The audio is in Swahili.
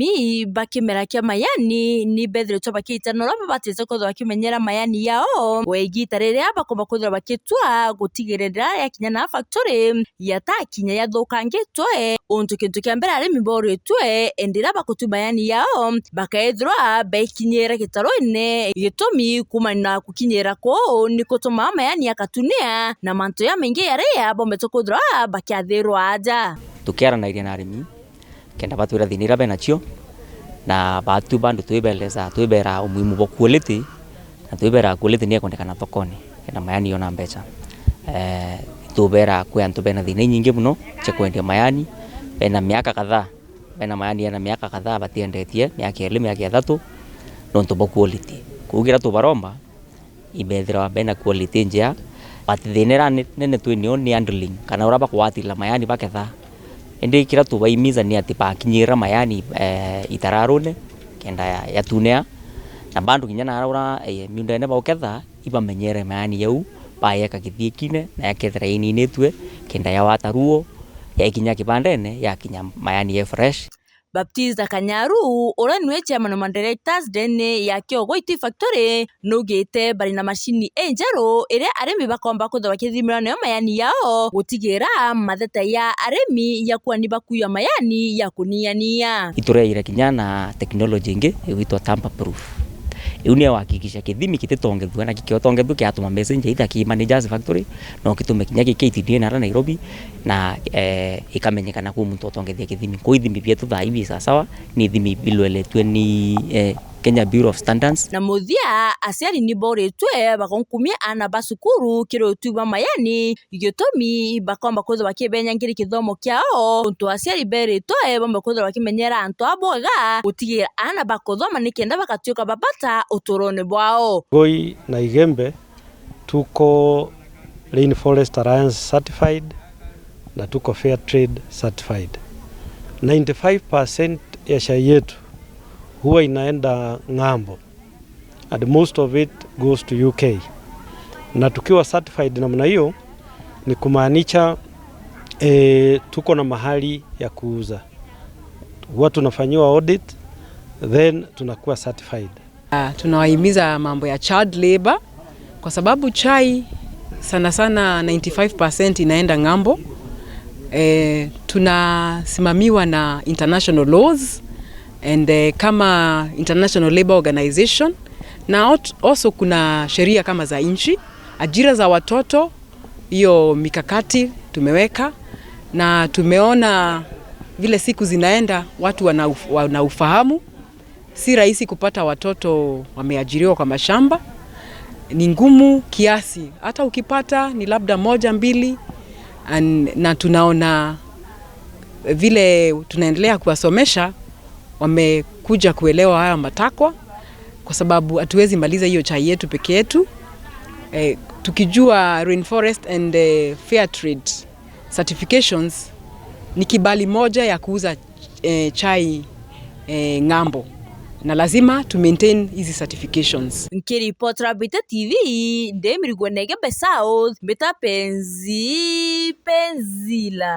Ni bakimera kia mayani ni bethire bakite no ria batwite kwithirwa bakimenyera mayani yao weigita riria bakomba kwithirwa bagitua gutigirira yakinya factory yatakinya yathukangitwe untu kintu kia mbere arimi boritwe endi ria bagutua mayani yao bakaithirwa bekinyira gitaru-ini gitumi kumana na gukinyira kuu ni gutumaa mayani akatunia na mantu ya maingi aria bombetwe kwithirwa bakiathirwa aja tukiaranagiria na arimi kenda batu bena benachio na batu bandu twibeleza twibera umuhimu bwa quality na twibera quality ni ekondekana thokoni kenda mayani yona mbecha eh twibera kwe antu bena thina nyingi muno cha kwendia mayani bena miaka kadhaa bena mayani yana miaka kadhaa batiendetie miaka eli miaka ithatu nontu bwa quality kugira tu tubaromba ibethira bena quality njea batithinira nene twinio ni handling kana ura bakwatila mayani bakethaa indi kira tuvaimiza ni ati pakinyira mayani itararå eh, itararune kenda yatunea na bandu kinya naraura eh, miundo ene bauketha ibamenyere mayani yau payeka kine na yakethira ininitue kenda yawataruo yaikinya kibandene yakinya mayani ye fresh Baptista Kanyaru uria niwe chairman directors dene ya Kyogo IT Factory nugite bari na mashini enjeru iria aremi bakomba kuthwa kithimira nayo mayani yao gutigira matheta ya aremi ya kwani bakuya mayani ya kuniania itureire kinya na teknology ingi igwitwa tamper proof riu ni wakikisha kithimi kititongethu na kikiotongethu kiatuma message either ki managers factory no me kinya ki KTDA na Nairobi na eh, ikamenyekana ku tongethia kä thimi kwa ithimi bietu thaa hivi sawa ni ithimi bilwele 20 eh, Kenya Bureau of Standards na muthia aciari ni boretwe bagonkumia ana basukuru kiro tuba mayani gitomi bakomba kuza bakibenya ngiri kithomo kiao untu aciari beretwe bomba kuza bakimenyera antu aboga gutigira ana bakothoma nikenda bakatuika babata uturone bwao goi na igembe tuko Rainforest Alliance certified na tuko Fair Trade certified 95% ya shai yetu huwa inaenda ng'ambo and most of it goes to UK, na tukiwa certified namna hiyo ni kumaanisha e, tuko na mahali ya kuuza, huwa tunafanyiwa audit then tunakuwa certified. Uh, tunawahimiza mambo ya child labor kwa sababu chai sana sana 95% inaenda ng'ambo. E, tunasimamiwa na international laws and uh, kama International Labour Organization na also kuna sheria kama za nchi, ajira za watoto, hiyo mikakati tumeweka na tumeona vile siku zinaenda watu wanaufahamu wana Si rahisi kupata watoto wameajiriwa kwa mashamba, ni ngumu kiasi, hata ukipata ni labda moja mbili. Na tunaona vile tunaendelea kuwasomesha wamekuja kuelewa haya matakwa, kwa sababu hatuwezi maliza hiyo chai yetu peke yetu. Eh, tukijua Rainforest and eh, fair trade certifications ni kibali moja ya kuuza eh, chai eh, ng'ambo na lazima tu maintain hizi certifications. Nikiripoti Rabita TV, Ndemirigwa Negebe South, penzi Penzila.